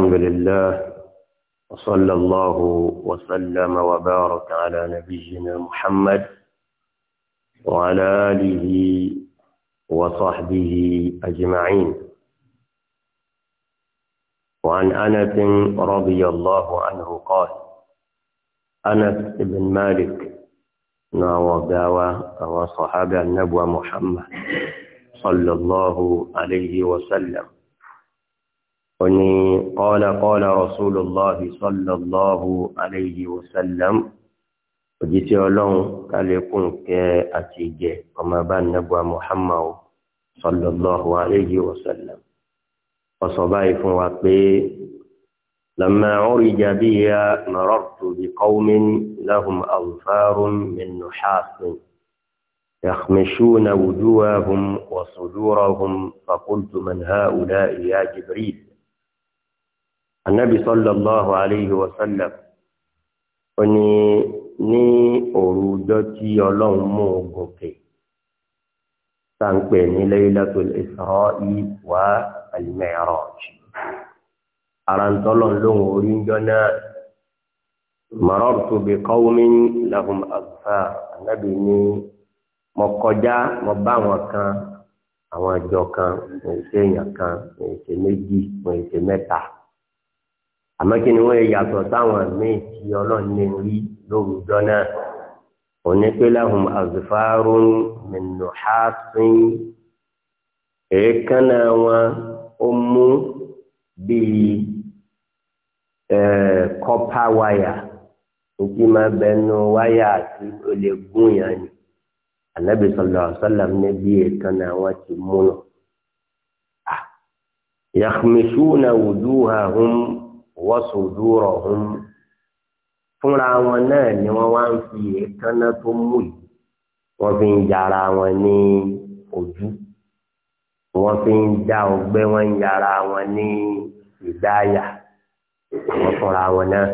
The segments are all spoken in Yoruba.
الحمد لله وصلى الله وسلم وبارك على نبينا محمد وعلى آله وصحبه أجمعين وعن أنس رضي الله عنه قال أنس بن مالك ناوى داوى وصحابة النبوة محمد صلى الله عليه وسلم أني قال قال رسول الله صلى الله عليه وسلم òjíṣẹ́ ọlọ́run kálẹ̀kùn kẹ́ àti ìgẹ̀ ọmọ bá nẹ́gbà muhammad sallallahu alayhi wa sallam ọ̀sọ̀ báyìí fún wa pé lamma urija biya marartu bi qawmin lahum awfarun min nuhasin yakhmishuna wujuhahum wa sudurahum faqultu man haula ya jibril anabi sallallahu alayhi wa sallam ó ní ní òru ọjọ́ tí ọlọ́run mú un gòkè tá à ń pè ní laylatul isra'i wa al-mi'raj ara ń tọ́lọ̀ lóhùn orí ń jọ náà marartu bi qawmin lahum azfar anabi ní mo kọjá mo bá àwọn kan àwọn àjọ kan mo ṣe èèyàn kan mo ṣe méjì mo ṣe mẹ́ta àmọ́ kí ni wọ́n yẹ yàtọ̀ sáwọn míì tí ọlọ́run lè rí lóòrùjọ́ náà òní pé lahum azfarun min nuhasin èékánná wọn ó mú bíi kọ́pá wáyà nítí máa bẹnu wáyà àti olè gún yàn ni ànábì sallallahu alaihi ní bí èékánná wọn ti mú nù. Ah, yakhmishuna wujuhahum wasudurahum fúnra wọn náà ni wọ́n wá ń fi èékánná tó mú yìí wọ́n fi ń yàrá wọn ní ojú wọ́n fi ń já ọgbẹ́ wọn ń yàrá wọn ní ìdáyà wọ́n fúnra wọn náà.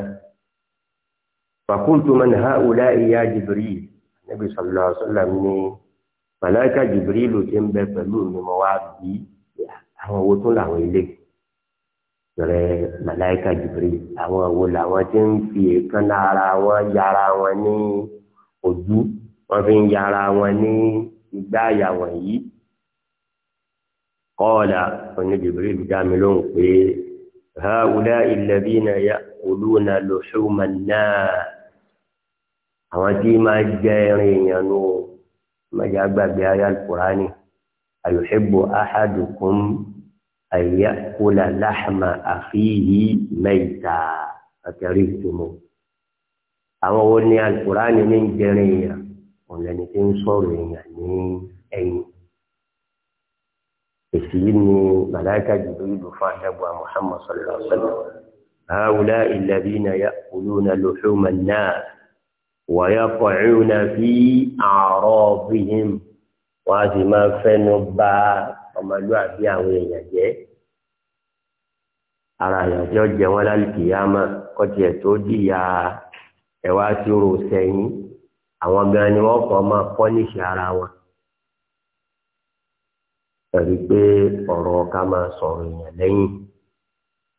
فقلت من هؤلاء يا جبريل النبي صلى الله عليه وسلم ملائكة جبريل tí ń bẹ pẹ̀lú mi mo wá bi àwọn rẹ màláìka Jibril àwọn wo làwọn ti ń fi èékánná ara wọn yára wọn ní ojú wọn fi ń yára wọn ní igbá àyà wọ̀nyí kọ́ọ̀dà oní Jibril dá mi lóhùn pé هؤلاء الذين يأكلون لحوم الناس àwọn tí máa jẹ ẹrin èèyàn nù ó máa jẹ agbàgbé ayé alukurani ayuhibbu ahadukum أن يأكل لحم أخيه ميتا أكرهتم أما أن القرآن من جريا ولن تنصر يعني أين إسيني ملاك جبريل فاهب محمد صلى الله عليه وسلم هؤلاء الذين يأكلون لحوم الناس ويقعون في أعراضهم وهذه ما فنبات ọmọlúwàbí àwọn èèyàn jẹ́ ara èèyàn tí ó jẹ wọn lálùkì yá mọ kọtì ẹ tó dìyà ẹwà tí ó rò sẹ́yìn àwọn gan ni wọn kọ máa pọnìṣì ara wọn ẹ̀rí pé ọ̀rọ̀ ká máa sọ̀rọ̀ èèyàn lẹ́yìn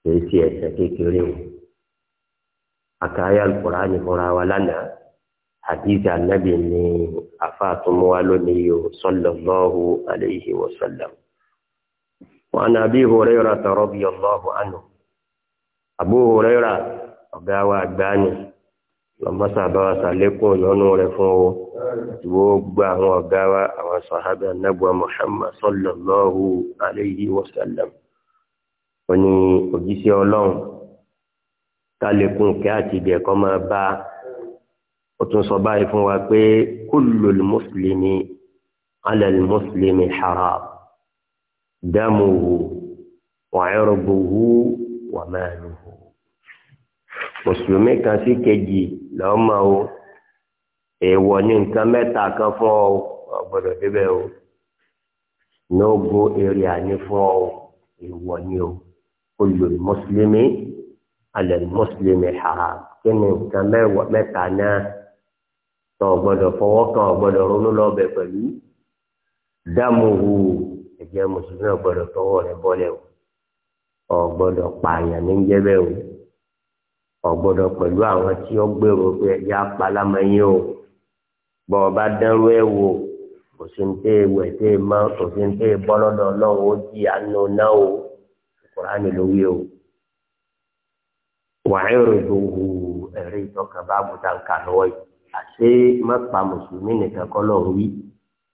kìí ṣe ẹ̀ṣẹ̀ kékeré o àkàyà alukóra ni fúnra wa lánàá àdìsí ànábì ni àfa àtúmọ̀wá lónìí o sallallahu alayhi wa sallam. وعن أبي هريرة رضي الله عنه أبو هريرة ọ̀gá wa àgbà ni lọ́mọ́sà bá wa sàlékún ìyọ́nú rẹ̀ fún o gbogbo àwọn ọ̀gá wa àwọn sàhábà nàbùwà Muhammad sallallahu alayhi wa sallam ó ní òjíṣẹ́ ọlọ́run kálẹ̀kùn kẹ́ àti ibẹ̀ kọ́ máa bá ó tún sọ báyìí fún wa pé kullul muslimi ala al haram دمه وعرضه وماله mùsùlùmí kan sí kejì lọ́mọ o èèwọ̀ ní nǹkan mẹ́ta kan fún ọ o gbọ́dọ̀ débẹ̀ o no go area ní fún ọ o èèwọ̀ ní o kullu mùsùlùmí ala mùsùlùmí haram kí ni nǹkan mẹ́ta náà tó gbọ́dọ̀ fọwọ́ kan gbọ́dọ̀ ronú lọ́bẹ̀ pẹ̀lú dámuhu ẹ̀jẹ̀ mùsùlùmí ọ̀gbọ́dọ̀ tọwọ́ rẹ̀ bọ́lẹ̀ o ọ̀gbọ́dọ̀ pààyàn ní jẹ́bẹ̀ o ọ̀gbọ́dọ̀ pẹ̀lú àwọn tí ó gbèrò pé ẹ̀jẹ̀ apalámẹ́yìn o bọ́ ọ bá dánrú ẹ̀ wò kò sí ní tẹ́ ewu ẹ̀ tẹ́ mọ́ kò sí ní tẹ́ bọ́lọ́dọ̀ ọlọ́run ó jí àánú náà o kùránì ló wí o wàhálà ìdòwò ẹ̀rí ìtọ́ka bá bùtà ń kà yìí àṣé mọ́pa mùsùlùmí nìkan kọ́ lọ́run wí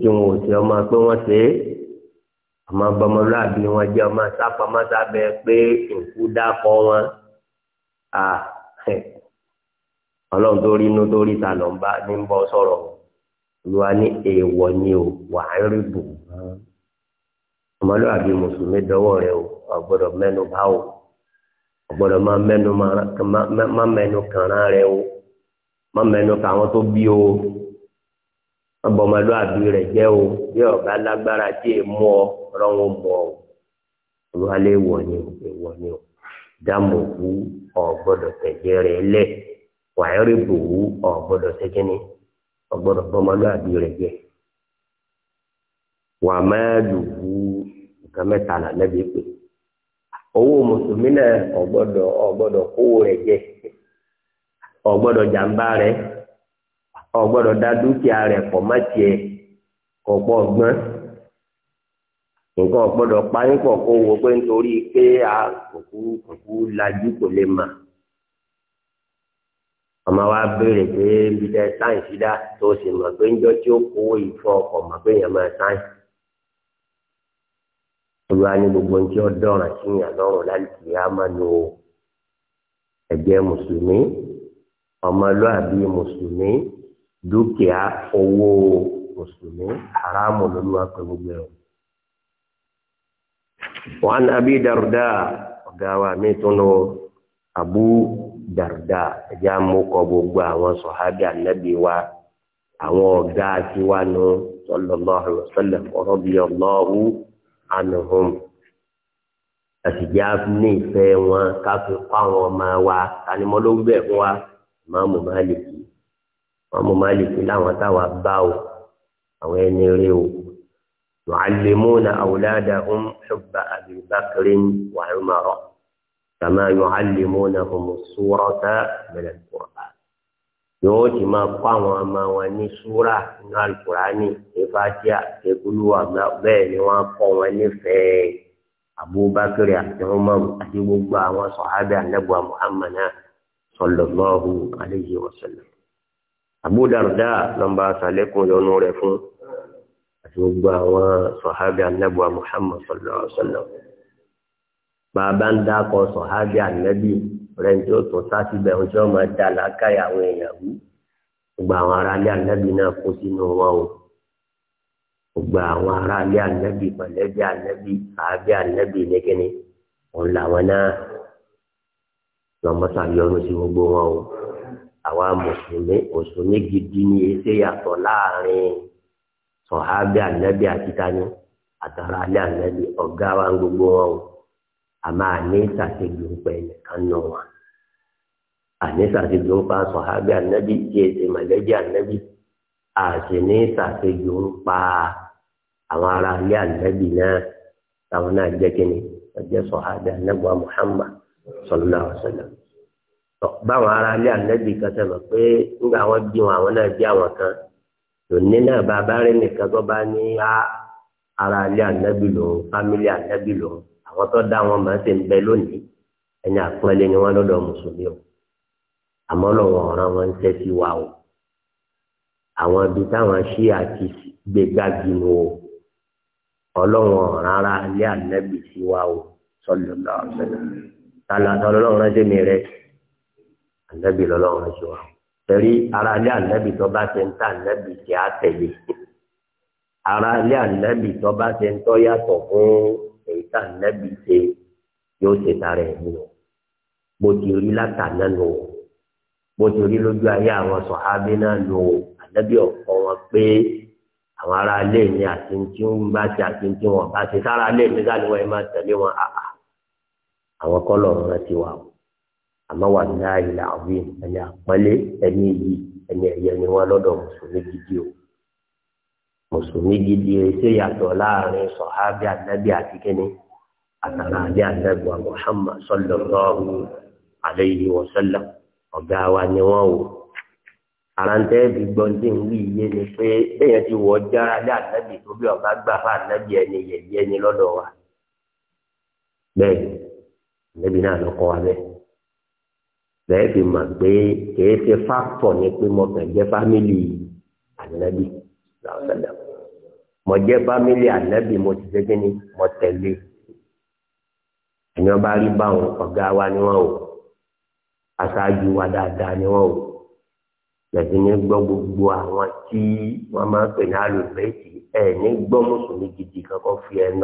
nítí wọn ò sí ọmọ pé wọ́n ṣe é àmọ́ bọmọlúàbí wọn jẹ́ ọmọ sápamọ́sá bẹ pé nkú dákọ̀ wọn à ọlọ́run tó rí inú tó rí ta lọ́n bá ní bọ́ sọ̀rọ̀ olúwa ní èèwọ̀ ni o wà á rí bù ọmọlúàbí mùsùlùmí dọwọ́ rẹ o ọ̀gbọ́dọ̀ mẹ́nu bá o ọ̀gbọ́dọ̀ má mẹ́nu kànán rẹ o má mẹ́nu kàwọn tó bí o ọbọmọdún àbí rẹ jẹ o bí ọba lágbára tí è mú ọ rọrùn mú ọ olùwàlẹ ìwọ ni o ìwọ ni o dáàmú òkú ọ gbọ́dọ̀ tẹjẹ rẹ lẹ wàárí bòwú ọ gbọ́dọ̀ tẹjẹ ni ọ gbọ́dọ̀ bọmọdún àbí rẹ jẹ wà máa lùwú nǹkan mẹ́ta là lẹbi pé owó mùsùlùmí náà ọ gbọ́dọ̀ kówó rẹ jẹ ọ jàǹbá rẹ. ọgbọdọ gbọ́dọ̀ da dúkìá rẹ̀ pọ̀ má tiẹ̀ kò pọ̀ gbọ́n nǹkan ọ̀gbọ́dọ̀ parí pọ̀ kó wo pé nítorí pé a kòkú kòkú lajú kò lè mà ọmọ wa béèrè pé bí dẹ sáyẹ̀nsì dá tó sì pé tí ó kówó yìí ọkọ ọkọ̀ pé èèyàn gbogbo ní tí ó dọ̀ràn sí lọ́rùn láti máa nu dúkìá owó mùsùlùmí haramu lolúwa pé gbogbo ẹ̀ وعن أبي درداء قاوى ميتونو أبو درداء جاموكو بوغبا وصحابي النبي و àwọn ọ̀gá tiwánu sallallahu alaihi wasallam radiyallahu anhum àtijọ́ ní ìfẹ́ wọn káfí pa ọmọ wa tanimọ́ ló ń bẹ̀ fún wa ìmáàmù ọmọ màálìkì láwọn táwa bá o àwọn ẹni rí o yu'allimuna awladahum hubba Abi Bakrin wa Umar kama yu'allimunahum as-surata min al-Qur'an yóò ti máa kọ́ àwọn ọmọ wọn ní súrà ní alukurani ìfàtíà ìkúlùwà bẹ́ẹ̀ ni wọ́n kọ́ wọn nífẹ̀ẹ́ Abubakar àti Umaru àti gbogbo àwọn sọ̀hábẹ́ anábùwà Muhammad sallallahu alayhi wa sallam. Abu Darda lọ́nba sàlẹ́kùn yọnu rẹ̀ fún àti gbogbo àwọn sọ̀hábì anábùwà Muhammad sallallahu alaihi wasallam. bàbá ń dákọ̀ sọ̀hábì anábì rẹ̀ tí ó tó sáàsì bẹ̀ ń tí ó máa dà lákàyà àwọn èèyàn wú. gbogbo àwọn aráalé anábì náà kó sínú wọn o. gbogbo àwọn aráalé anábì pẹ̀lẹ́bí anábì àábí anábì nìkíni òun làwọn náà lọ́mọ́sà yọnu sí gbogbo wọn o àwa mùsùlùmí mùsùlùmí gidi ni èsè yàtọ̀ láàrin sọ̀hábì ànábì àti tani àtàrà alẹ́ ànábì ọ̀gá wa ń gbogbo wọn o àmọ́ àní sàṣejù ń pẹ́ nìkan nù wọn àní sàṣejù ń pa sọ̀hábì ànábì tí èsè mọ̀lẹ́bí ànábì àti àwọn ará alẹ́ ànábì náà táwọn náà jẹ́ kínní ọjọ́ sọ̀hábì ànábì wa Muhammad sallallahu alaihi wasallam tọ báwọn ará ilé ànábì kan sọ pé nígbà wọn bí wọn àwọn náà bí àwọn kan lónìí náà bàbá rẹ nìkan tó bá ní ará ilé ànábì lòun fámílì ànábì lòun àwọn tó dá wọn máa ń ṣe ń bẹ lónìí ẹni àpọ́nlé ni wọ́n lọ́dọ̀ mùsùlùmí o àmọ́ lọ́wọ́ ọ̀ràn wọn ń tẹ́ sí wa o àwọn ibi táwọn ṣí àti gbégbági ni o ọlọ́wọ́n ọ̀ràn ara ilé ànábì sí wa o sọlọ́lọ́ ọ̀sẹ̀ tálá tọ́lọ́lọ́ ọ̀ràn jẹ́mi rẹ̀ ànábì lọ́lọ́run ṣe wà tẹ̀rí ara ilé ànábì tó bá ṣe ń tà ànábì kì á tẹ̀lé ara ilé ànábì tó bá ṣe ń tọ́ yàtọ̀ fún èyí tà ànábì ṣe yóò ṣe tara ẹ̀ nù bó ti rí látàná nù bó ti rí lójú ayé àwọn sọ̀hábí náà nù ànábì ọ̀kọ́ wọn pé àwọn ará ilé mi àti tí wọn bá ṣe àti tí wọn bá ṣe sára ilé mi sáà ni wọn máa tẹ̀lé wọn àwọn kọ́ lọ́rùn ti wà o àmọ́ wà láàyè làwí ẹni àpọ́nlé ẹni yìí ẹni ẹ̀yẹ ni wọ́n lọ́dọ̀ mùsùlùmí gidi o mùsùlùmí gidi ṣe yàtọ̀ láàrin sọ̀hábí ànábì àti kíni àtàlàbí ànábì wa Muhammad sallallahu alayhi wa sallam ọ̀gá wa ni wọ́n wò àrántẹ́ bí gbọ́ndé ń iye ni pé bẹ́ẹ̀ ti wọ́ jára lé ànábì tó bí ọ̀gá gbà fún ànábì ẹni yẹ̀yẹ́ lọ́dọ̀ wa bẹ́ẹ̀ ànábì náà lọ́kọ́ wa bẹ́ẹ̀. lẹ́ẹ̀fi ma pé kìí ṣe fáktọ̀ ni pé mo kàn jẹ́ fámìlì ànábì làwọ̀sẹ̀lẹ̀ mo jẹ́ fámìlì ànábì mo ti ṣẹ́gi ni mo tẹ̀lé ẹni wọn rí báwọn ọ̀gá wa ni wọn o aṣáájú gbogbo àwọn tí máa ń pè ní ní mùsùlùmí gidi kankan fi ẹnu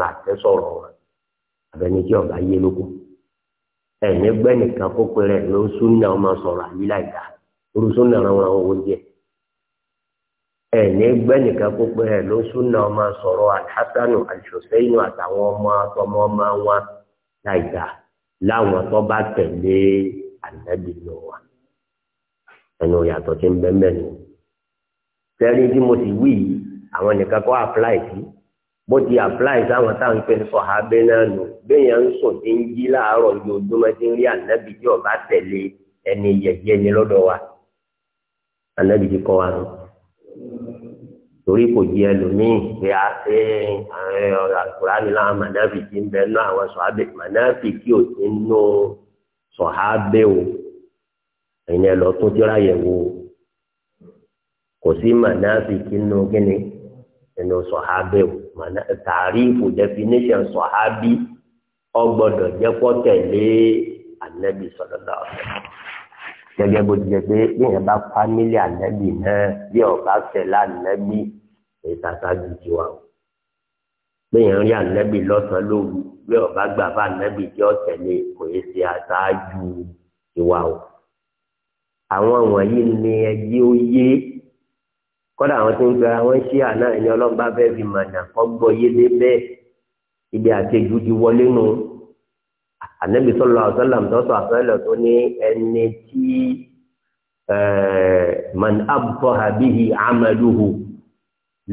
wọn ẹni gbẹ nìkan kó pe rẹ ló súnà ọmọ sọ̀rọ̀ àyè láìda orí súnà ránran owó jẹ ẹni gbẹ nìkan kó pe ló súnà ọmọ sọ̀rọ̀ alhassanu alṣọsẹyìn àtàwọn ọmọ ọmọ wọn láìda láwọn tó bá ànábì wa ẹnu yàtọ̀ tí ń tí mo sì wí àwọn nìkan bó ti apply sáwọn táwọn ìpè sọ abẹ náà nù béèyàn ń sùn tí ń jí láàárọ̀ ojoojúmọ́ tí ń rí ànábì tí ọba tẹ̀lé ẹni yẹ̀yẹ́ ni lọ́dọ̀ wa ànábì ti kọ́ wa nù torí kò jí ẹlòmíì pé a ṣe àkùránì láwọn mànáfì tí ń bẹ nú àwọn sọ̀hábẹ́ mànáfì kí o ti nú sọ̀hábẹ́ o ẹ̀yin ẹ lọ tún tíra yẹ̀ wò kò sí mànáfì kí nú kíni ẹnu sọ̀hábẹ́ o mana tàrífù definition sọ̀hábí ọgbọ́dọ̀ jẹ́pọ̀ tẹ̀lé anabi sọlọ́dọ̀ ọ̀sẹ̀ gẹ́gẹ́ bó ti jẹ́ pé bíyẹn bá fámílì anabi náà bí ọba tẹ̀lé anabi ìtàtà ju tiwa o bíyẹn rí anabi lọ́sàn-án lóru bí ọba gbà bá anabi tí ó tẹ̀lé kò yẹ ṣe àṣáájú tiwa o àwọn wọ̀nyí ni ẹjí ó yé kọ́dà àwọn tó ń gbé ara wọn ṣíà náà ẹni ọlọ́run bá fẹ́ fi mànà kọ́gbọ́ yédè bẹ́ẹ̀ ibi àtẹjú ti wọlé nu ànábì sọlọ àṣọlàm tọ́sọ àṣọlọ tó ní ẹni tí eh, man abtọ́ha bihi amaluhu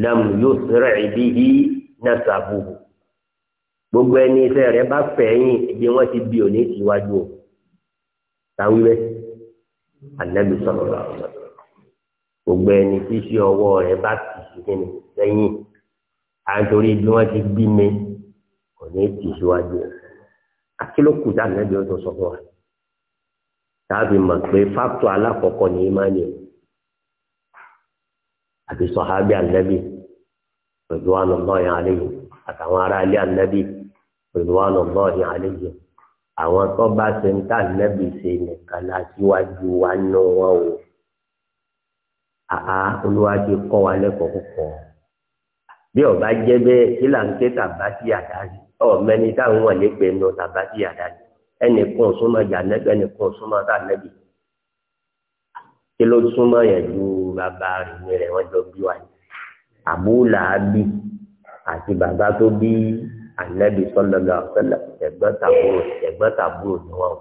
lam yusri bihi nasabuhu gbogbo ẹni iṣẹ́ rẹ̀ bá fẹ̀yìn ibi wọ́n ti bí òní síwájú o táwí bẹ́ẹ̀ ànábì sọlọ àṣọlọ gbogbo ẹni tí ṣe ọwọ́ rẹ̀ bá ti ṣe kíni sẹ́yìn àtòrí bí wọ́n ti bí mi kò ní tì síwájú akílókù tá ànábì ọdún sọ fún wa tàbí mọ̀ pé fáktọ̀ alákọ̀ọ́kọ́ ní imáni o àti sọ̀hábí ànábì pẹ̀lú àwọn ọlọ́ọ̀yìn àlejò àtàwọn ará ilé ànábì pẹ̀lú àwọn ọlọ́ọ̀yìn àlejò àwọn tó bá ṣe ń tà ànábì ṣe nìkan láti wájú wa náà wọ́n o àá olúwa ti kọ́ wa lẹ́kọ̀ọ́ púpọ̀ bí ọba jẹ́ bẹ́ẹ̀ kí là ń ké tàbá sí àdáni ọ̀mẹ́ni táwọn wà lẹ́gbẹ̀ẹ́ nù tàbá sí àdáni ẹnìkan súnmọ́ jàǹdẹ́gbẹ́ ẹnìkan súnmọ́ tàǹdẹ́gbẹ́ kí ló súnmọ́ yẹn ju bàbá rẹ̀ ní rẹ̀ wọ́n jọ bí wa yìí àbúlà bí àti bàbá tó bí ànábì sọlọ́lọ́ àfẹ́lẹ́ ẹ̀gbọ́n tàbúrò ẹ̀gbọ́n tàbúrò ni wọ́n.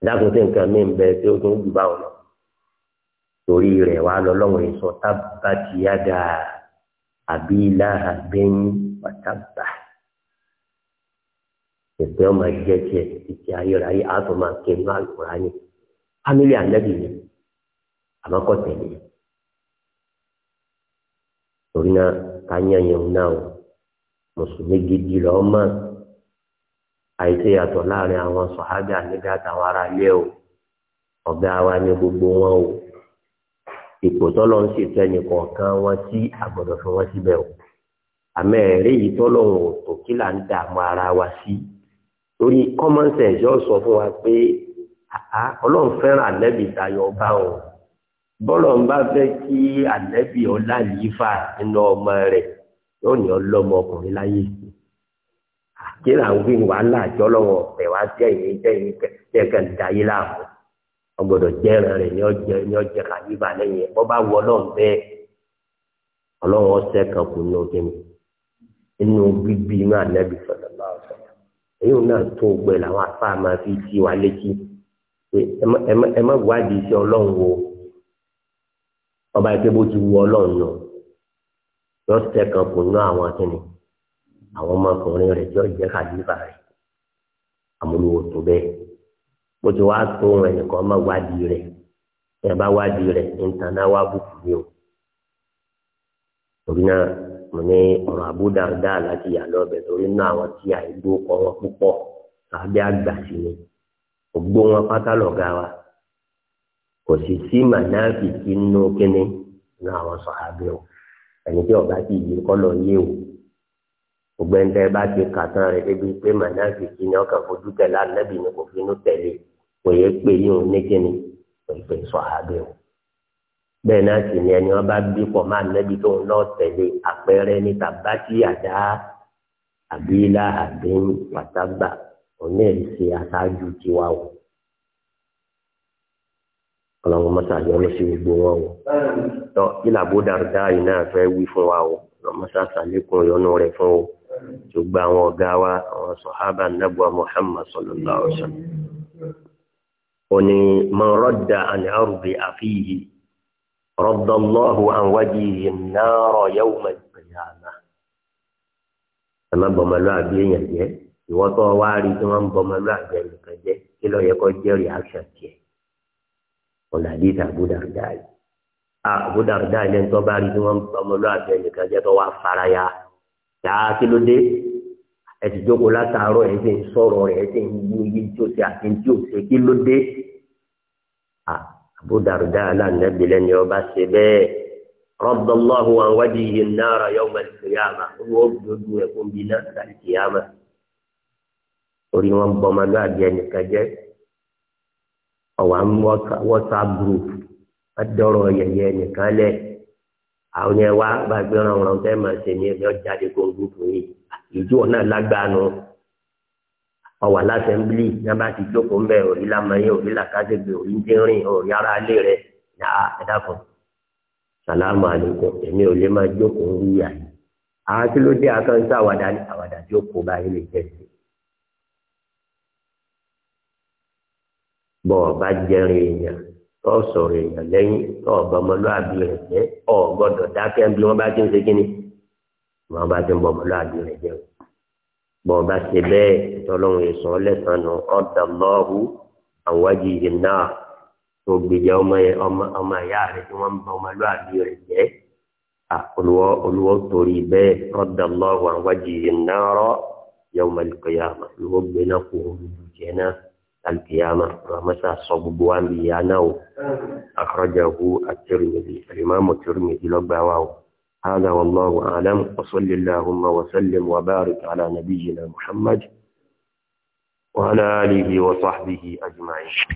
ìdáàbò mi ń bẹ tí ó tún jù báwọn lọ. torí rẹ̀ wá lọ́lọ́run sọ tábà tí yá ga àbí láha bẹ́yìn pátábà ìpẹ́ ọmọ jẹ́ tiẹ̀ títí ayérayé àtọ̀ máa kẹ́ inú àlùkòrá ni fámílì ànábì ni àmọ́kọ̀ tẹ̀lé torí náà ká yẹ̀yẹ̀ náà o mùsùlùmí gidi lọ́ọ́ mọ́ àìsí yàtọ̀ láàrin àwọn ará ilé o ọ̀gá wa gbogbo wọn o. ipò tọ́lọ́ ń ṣètò ẹnì kọ̀ọ̀kan wọn sí àgbọ̀dọ̀ fún wọn síbẹ̀ o àmọ́ ẹ̀rí yìí tọ́lọ́ ò tó kí là ń dààmú ara wa sí torí common sense yóò sọ fún wa pé ọlọ́run fẹ́ràn ànẹ́bì tayọ ọba o bọ́lọ̀ ń bá fẹ́ kí ànẹ́bì ọlá yìí fà nínú ọmọ rẹ̀ yóò ní ọlọ́mọ ọkùnrin láyé kí làwọn wí wàhálà àjọlọ́wọ̀ ọ̀fẹ́ wa jẹ́ ìyẹn jẹ́ ìyẹn kẹ̀kẹ́ ọgbọ́dọ̀ jẹran rẹ ní ọjẹ ní ọjẹ kàdíbà lẹ́yìn bọ bá wọ Ọlọ́run bẹ́ẹ̀ Ọlọ́run ọsẹ kan kù ní ojú mi inú bíbí inú ànábì sọlọ bá ọ sọlọ èyí náà tó gbẹ làwọn afá máa fi ti wá létí ẹ má wádìí sí Ọlọ́run o ọba ẹgbẹ bó ti wọ Ọlọ́run nù yọ kan kù ní àwọn akẹni àwọn ọmọkùnrin rẹ yọ ọjẹ rẹ àmúlò wò tó bẹ́ẹ̀ bó ti wá tó ohun ẹnìkan má wádìí rẹ̀ ẹ bá wádìí rẹ̀ ntaná wá bùkún ní o torí náà mo ní ọ̀rọ̀ àbúdàdá láti yà lọ́bẹ̀ torí náà àwọn tí àìgbó kọ́ wọn púpọ̀ tàbí àgbà sí ni ògbó wọn pátá lọ̀gá wa kò sì sí mànáàfì kí nínú kíní ní àwọn sọ̀hábẹ́ o ẹni tí ọ̀gá ti yí kọ́ lọ yé o ògbẹ́ntẹ́ bá ti kà tán rẹ̀ débi pé mànáàfì kí ni ọkàn fojú tẹ̀lé ànábì ni kò fi inú tẹ̀lé kò yẹ pé yóò ní kíni kò yẹ sọ̀hábẹ́ o bẹ́ẹ̀ náà sì ni ẹni wọn bá bí pọ̀ máa nẹ́bi tó ń lọ tẹ̀lé àpẹẹrẹ ní tàbátì àdá àbílà àbín wàtábà òní ẹ̀sìn aṣáájú tiwa o ọlọ́run mọ́tà yọ lọ sí gbogbo wọn o tọ́ ilà bódàrúdá yìí náà fẹ́ wí fún wa o ọlọ́mọṣà sàlékún ìyọnu rẹ̀ fún o tó gba àwọn ọ̀gá wa àwọn sọ̀hábà nàbọ̀ Muhammad sallallahu alaihi oni man radda an ardi afihi radda Allahu an wajihi an-nara yawma al-qiyamah ẹ má bọmọlú àbí èèyàn jẹ ìwọ tó wá rí tí wọn ń bọmọlú àbí ẹnìkan jẹ kí ló yẹ kó jẹ reaction tiẹ ọ̀nà àdìsí àbúdàrúdà yìí àbúdàrúdà yìí lẹ́nu tó bá rí tí wọn ń bọmọlú àbí ẹnìkan jẹ tó wá faraya yàá kí ló dé ẹ ti jókòó látàárọ̀ ẹ ti ń sọ̀rọ̀ rẹ̀ ẹ ti ń gbó iye tí ó ṣe àti tí ó ṣe kí ló dé. àbúdàrúdà aláǹdẹ́bí lẹ́ni ọba ṣe bẹ́ẹ̀ rọ́bọ̀lọ́hu àwádì yìí náírà yọ̀wọ̀ ìṣèyàmà wọ́n dojú ẹ̀kún bíi náà ṣàlìkìyàmà. orí wọn bọ ọmọdé àbíẹ nìkan jẹ ọwọ́ àwọn whatsapp group adọ̀rọ̀ yẹ̀yẹ́ nìkan lẹ̀ àwọn ẹ̀ wá gbàgbé ọ̀rọ̀ ọ̀rọ̀ fẹ́ máa ṣe ní ẹ̀yọ́ jáde kó gúúpù yìí ìjọ náà lágbánu ọwà lásẹ̀ńbílì náà bá ti jókòó ń bẹ̀ òrí lámọ̀yé òrí làkàṣègbè òrí ń dínrín òrí ara alé rẹ̀ yá ẹ̀dàkùn sàlámù àlékún èmi ò lè máa jókòó ń wíyà yìí àwọn tí ló dé akáǹtà àwàdà ní àwàdà tí ó kó báyìí lè jẹ́ sí. bọ́ bá jẹrin èèyàn tó sọ̀rọ̀ èèyàn lẹ́yìn tó ọ̀bọ̀mọlúàbí rẹ̀ jẹ́ ọ̀ gbọ́dọ̀ dákẹ́ bí wọ́n bá ti ń ṣe kínní wọn bá ti ń bọ pẹ̀lú àdúrà rẹ jẹ o bọ ọba ṣe bẹ́ẹ̀ tọlọ́run èso ọlẹsàn nù ọdà lọhù àwájú yìí náà tó gbèjà ọmọ ẹ̀yà rẹ tí wọn ń bọ ọmọ ẹlú àdúrà rẹ jẹ olùwọ olùwọ torí bẹ́ẹ̀ ọdà lọhù àwájú yìí náà rọ yawma al-qiyamah olùwọ gbé náà kó olùjẹ náà. القيامة ومسا صبوان بيانا أخرجه الترمذي الإمام الترمذي لبعواه هذا والله أعلم وصل اللهم وسلم وبارك على نبينا محمد وعلى آله وصحبه أجمعين